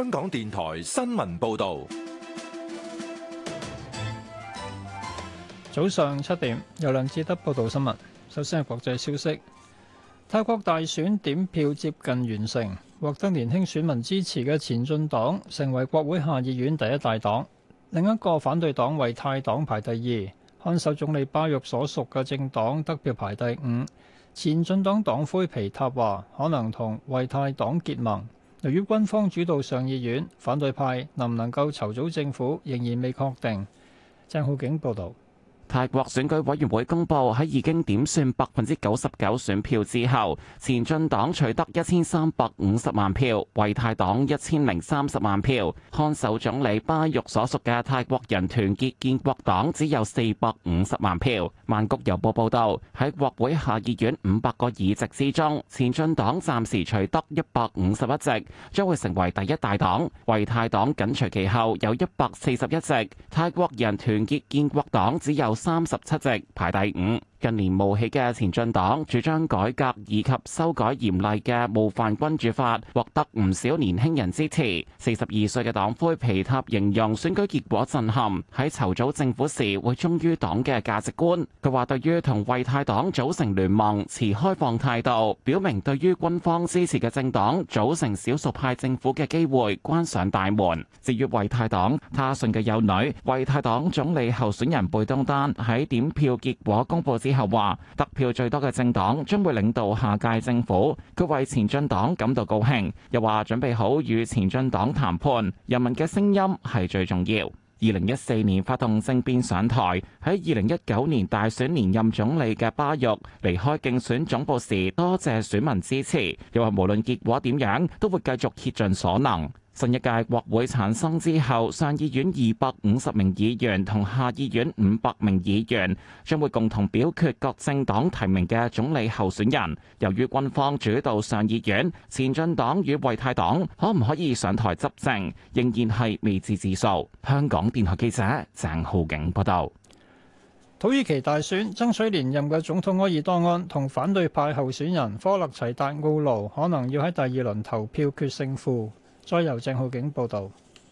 香港電台新聞報道，早上七點由梁志德報道新聞。首先係國際消息，泰國大選點票接近完成，獲得年輕選民支持嘅前進黨成為國會下議院第一大黨，另一個反對黨為泰黨排第二，看守總理巴育所屬嘅政黨得票排第五。前進黨黨魁皮塔話，可能同為泰黨結盟。由於軍方主導上議院，反對派能唔能夠籌組政府，仍然未確定。鄭浩景報導。泰國選舉委員會公布喺已經點算百分之九十九選票之後，前進黨取得一千三百五十萬票，為泰黨一千零三十萬票，看守總理巴育所屬嘅泰國人團結建國黨只有四百五十萬票。曼谷郵報報道，喺國會下議院五百個議席之中，前進黨暫時取得一百五十一席，將會成為第一大黨；為泰黨緊隨其後，有一百四十一席；泰國人團結建國黨只有。三十七席排第五。近年冒起嘅前進黨，主張改革以及修改嚴厲嘅冒犯君主法，獲得唔少年輕人支持。四十二歲嘅黨魁皮塔形容選舉結果震撼，喺籌組政府時會忠於黨嘅價值觀。佢話：對於同惠泰黨組成聯盟持開放態度，表明對於軍方支持嘅政黨組成少數派政府嘅機會關上大門。至於惠泰黨，他信嘅幼女惠泰黨總理候選人貝東丹喺點票結果公佈之之後話，得票最多嘅政黨將會領導下屆政府。佢為前進黨感到高興，又話準備好與前進黨談判。人民嘅聲音係最重要。二零一四年發動政變上台，喺二零一九年大選連任總理嘅巴育離開競選總部時，多謝選民支持。又話無論結果點樣，都會繼續竭盡所能。新一屆國會產生之後，上議院二百五十名議員同下議院五百名議員將會共同表決各政黨提名嘅總理候選人。由於軍方主導上議院，前進黨與衛泰黨可唔可以上台執政，仍然係未知之數。香港電台記者鄭浩景報道。土耳其大選爭取連任嘅總統埃爾多安同反對派候選人科勒齊達奧盧可能要喺第二輪投票決勝負。再由鄭浩景報道。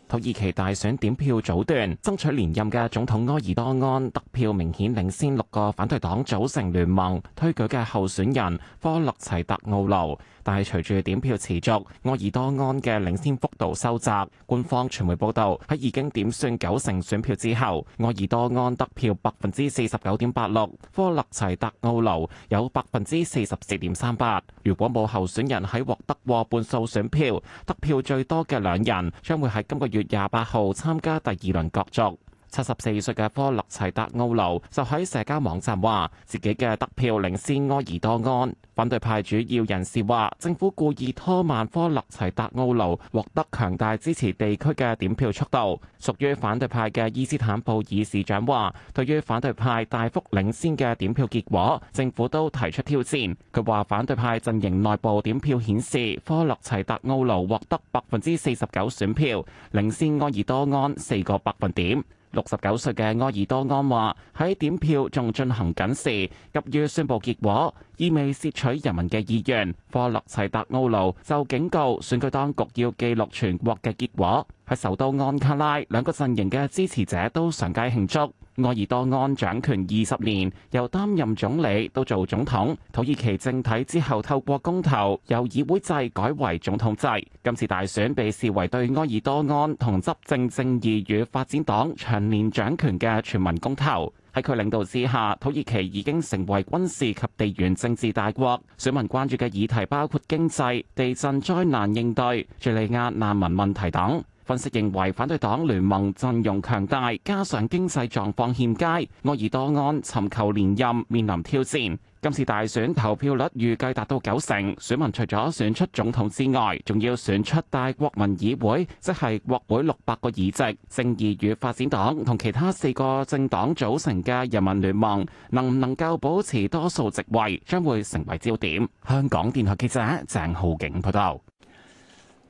土耳其大選點票早段，爭取連任嘅總統埃爾多安得票明顯領先六個反對黨組成聯盟推舉嘅候選人科勒齊特奧勞，但係隨住點票持續，埃爾多安嘅領先幅度收窄。官方傳媒報道喺已經點算九成選票之後，埃爾多安得票百分之四十九點八六，科勒齊特奧勞有百分之四十四點三八。如果冇候選人喺獲得過半數選票，得票最多嘅兩人將會喺今個月。月廿八號參加第二輪角逐。七十四歲嘅科洛齊達奧勞就喺社交網站話自己嘅得票領先埃爾多安。反對派主要人士話，政府故意拖慢科洛齊達奧勞獲得強大支持地區嘅點票速度。屬於反對派嘅伊斯坦布爾市長話，對於反對派大幅領先嘅點票結果，政府都提出挑戰。佢話，反對派陣營內部點票顯示科洛齊達奧勞獲得百分之四十九選票，領先埃爾多安四個百分點。六十九歲嘅埃爾多安話：喺點票仲進行緊時，急於宣布結果，意味竊取人民嘅意願。科洛齊達奧盧就警告選舉當局要記錄全國嘅結果。喺首都安卡拉兩個陣營嘅支持者都上街慶祝。埃爾多安掌權二十年，由擔任總理到做總統，土耳其政體之後透過公投由議會制改為總統制。今次大選被視為對埃爾多安同執政正義與發展黨長年掌權嘅全民公投。喺佢領導之下，土耳其已經成為軍事及地緣政治大國。選民關注嘅議題包括經濟、地震災難應對、敘利亞難民問題等。分析認為，反對黨聯盟陣容強大，加上經濟狀況欠佳，愛爾多安尋求連任，面臨挑戰。今次大選投票率預計達到九成，選民除咗選出總統之外，仲要選出大國民議會，即係國會六百個議席。正義與發展黨同其他四個政黨組成嘅人民聯盟，能唔能夠保持多數席位，將會成為焦點。香港電台記者鄭浩景報道。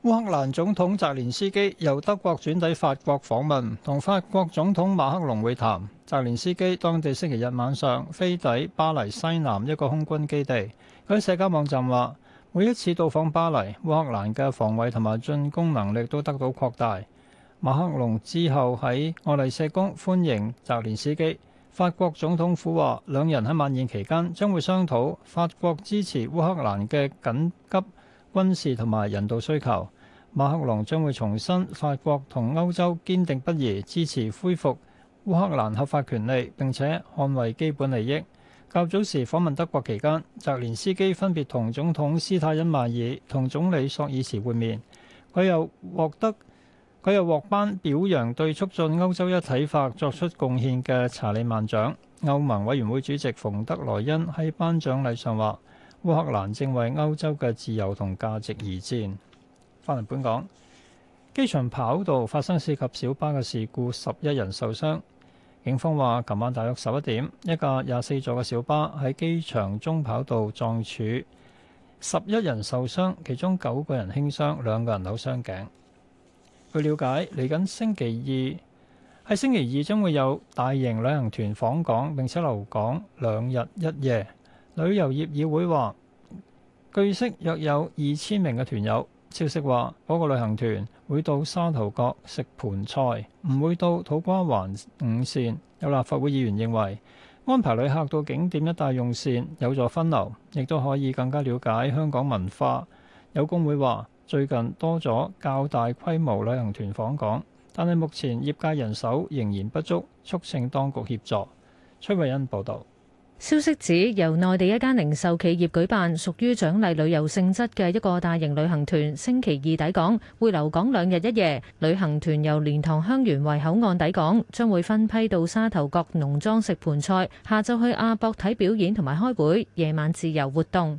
烏克蘭總統澤連斯基由德國轉抵法國訪問，同法國總統馬克龍會談。澤連斯基當地星期日晚上飛抵巴黎西南一個空軍基地。佢喺社交網站話：每一次到訪巴黎，烏克蘭嘅防衛同埋進攻能力都得到擴大。馬克龍之後喺愛麗舍宮歡迎澤連斯基。法國總統府話，兩人喺晚宴期間將會商討法國支持烏克蘭嘅緊急軍事同埋人道需求。馬克龍將會重申法國同歐洲堅定不移支持恢復烏克蘭合法權利，並且捍衛基本利益。較早時訪問德國期間，澤連斯基分別同總統斯泰因曼爾同總理索爾茨會面。佢又獲得佢又獲頒表揚對促進歐洲一體化作出貢獻嘅查理曼獎。歐盟委員會主席馮德萊恩喺頒獎禮上話：烏克蘭正為歐洲嘅自由同價值而戰。返嚟本港，機場跑道發生涉及小巴嘅事故，十一人受傷。警方話，琴晚大約十一點，一架廿四座嘅小巴喺機場中跑道撞柱，十一人受傷，其中九個人輕傷，兩個人扭傷頸。據了解，嚟緊星期二喺星期二將會有大型旅行團訪港，並且留港兩日一夜。旅遊業議會話，據悉，約有二千名嘅團友。消息話，嗰、那個旅行團會到沙頭角食盆菜，唔會到土瓜灣午膳。有立法會議員認為安排旅客到景點一帶用膳有助分流，亦都可以更加了解香港文化。有工會話，最近多咗較大規模旅行團訪港，但係目前業界人手仍然不足，促請當局協助。崔慧欣報導。消息指，由內地一家零售企業舉辦，屬於獎勵旅遊性質嘅一個大型旅行團，星期二抵港，會留港兩日一夜。旅行團由蓮塘香園圍口岸抵港，將會分批到沙頭角農莊食盆菜，下晝去亞博睇表演同埋開會，夜晚自由活動。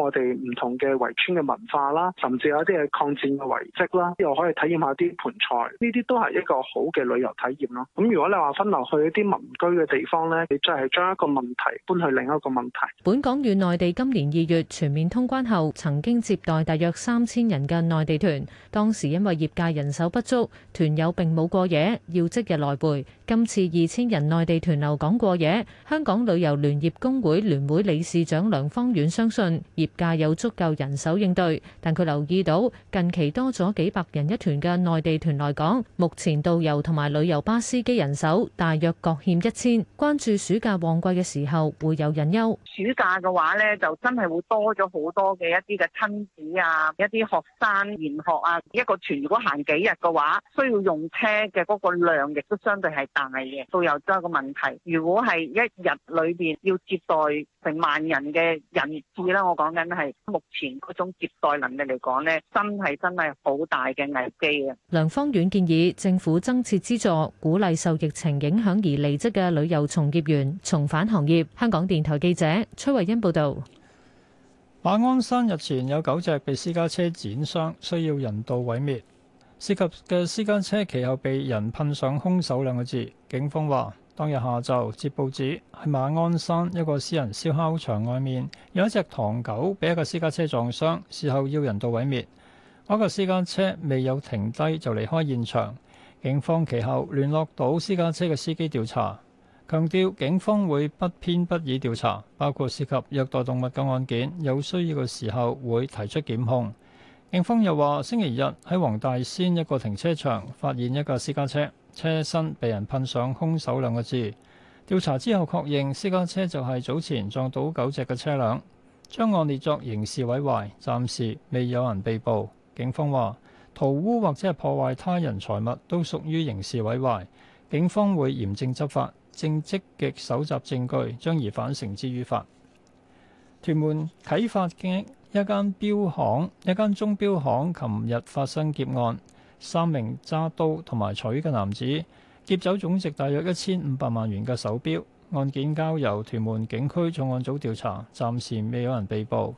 我哋唔同嘅圍村嘅文化啦，甚至有一啲嘅抗戰嘅遺跡啦，又可以體驗下啲盆菜，呢啲都係一個好嘅旅遊體驗咯。咁如果你話分流去一啲民居嘅地方呢，你真係將一個問題搬去另一個問題。本港與內地今年二月全面通關後，曾經接待大約三千人嘅內地團，當時因為業界人手不足，團友並冇過夜，要即日來回。今次二千人內地團留港過夜，香港旅遊聯業工會聯會理事長梁芳遠相信假有足夠人手應對，但佢留意到近期多咗幾百人一團嘅內地團來港，目前導遊同埋旅遊巴司機人手大約各欠一千，關注暑假旺季嘅時候會有人憂。暑假嘅話呢，就真係會多咗好多嘅一啲嘅親子啊，一啲學生研學啊，一個團如果行幾日嘅話，需要用車嘅嗰個量亦都相對係大嘅，導遊都有一個問題。如果係一日裏邊要接待成萬人嘅人次啦，我講緊。係目前嗰種接待能力嚟講呢，真係真係好大嘅危機嘅。梁方遠建議政府增設資助，鼓勵受疫情影響而離職嘅旅遊從業員重返行業。香港電台記者崔慧欣報道。馬鞍山日前有九隻被私家車輾傷，需要人道毀滅。涉及嘅私家車其後被人噴上“兇手”兩個字，警方話。當日下晝接報紙喺馬鞍山一個私人燒烤場外面，有一隻唐狗俾一個私家車撞傷，事後要人道毀滅。嗰、那個私家車未有停低就離開現場，警方其後聯絡到私家車嘅司機調查，強調警方會不偏不倚調查，包括涉及虐待動物嘅案件，有需要嘅時候會提出檢控。警方又話星期日喺黃大仙一個停車場發現一架私家車。車身被人噴上「兇手」兩個字，調查之後確認私家車就係早前撞倒狗隻嘅車輛，將案列作刑事毀壞，暫時未有人被捕。警方話：塗污或者係破壞他人財物都屬於刑事毀壞，警方會嚴正執法，正積極搜集證據，將疑犯繩之於法。屯門啟發街一間標行、一間鐘錶行，琴日發生劫案。三名揸刀同埋錘嘅男子劫走總值大約一千五百萬元嘅手錶，案件交由屯門警區重案組調查，暫時未有人被捕。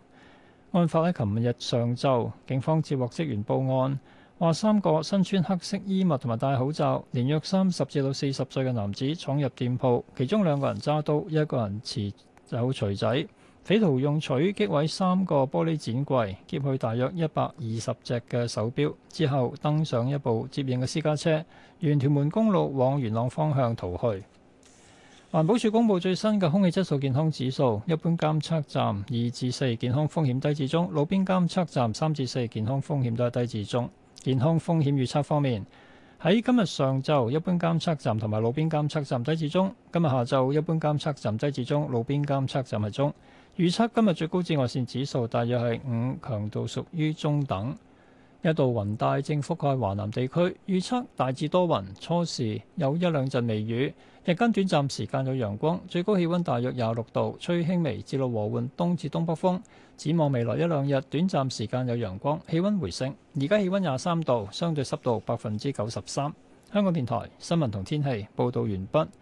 案發喺琴日上晝，警方接獲職員報案，話三個身穿黑色衣物同埋戴口罩，年約三十至到四十歲嘅男子闖入店鋪，其中兩個人揸刀，一個人持走錘仔。匪徒用錘擊毀三個玻璃展櫃，劫去大約一百二十隻嘅手錶，之後登上一部接應嘅私家車，沿屯門公路往元朗方向逃去。環保署公布最新嘅空氣質素健康指數，一般監測站二至四，健康風險低至中；路邊監測站三至四，健康風險都係低至中。健康風險預測方面，喺今日上晝，一般監測站同埋路邊監測站低至中；今日下晝，一般監測站低至中，路邊監測站係中。預測今日最高紫外線指數大約係五，強度屬於中等。一道雲帶正覆蓋華南地區，預測大致多雲，初時有一兩陣微雨，日間短暫時間有陽光，最高氣温大約廿六度，吹輕微至到和緩東至東北風。展望未來一兩日，短暫時間有陽光，氣温回升。而家氣温廿三度，相對濕度百分之九十三。香港電台新聞同天氣報導完畢。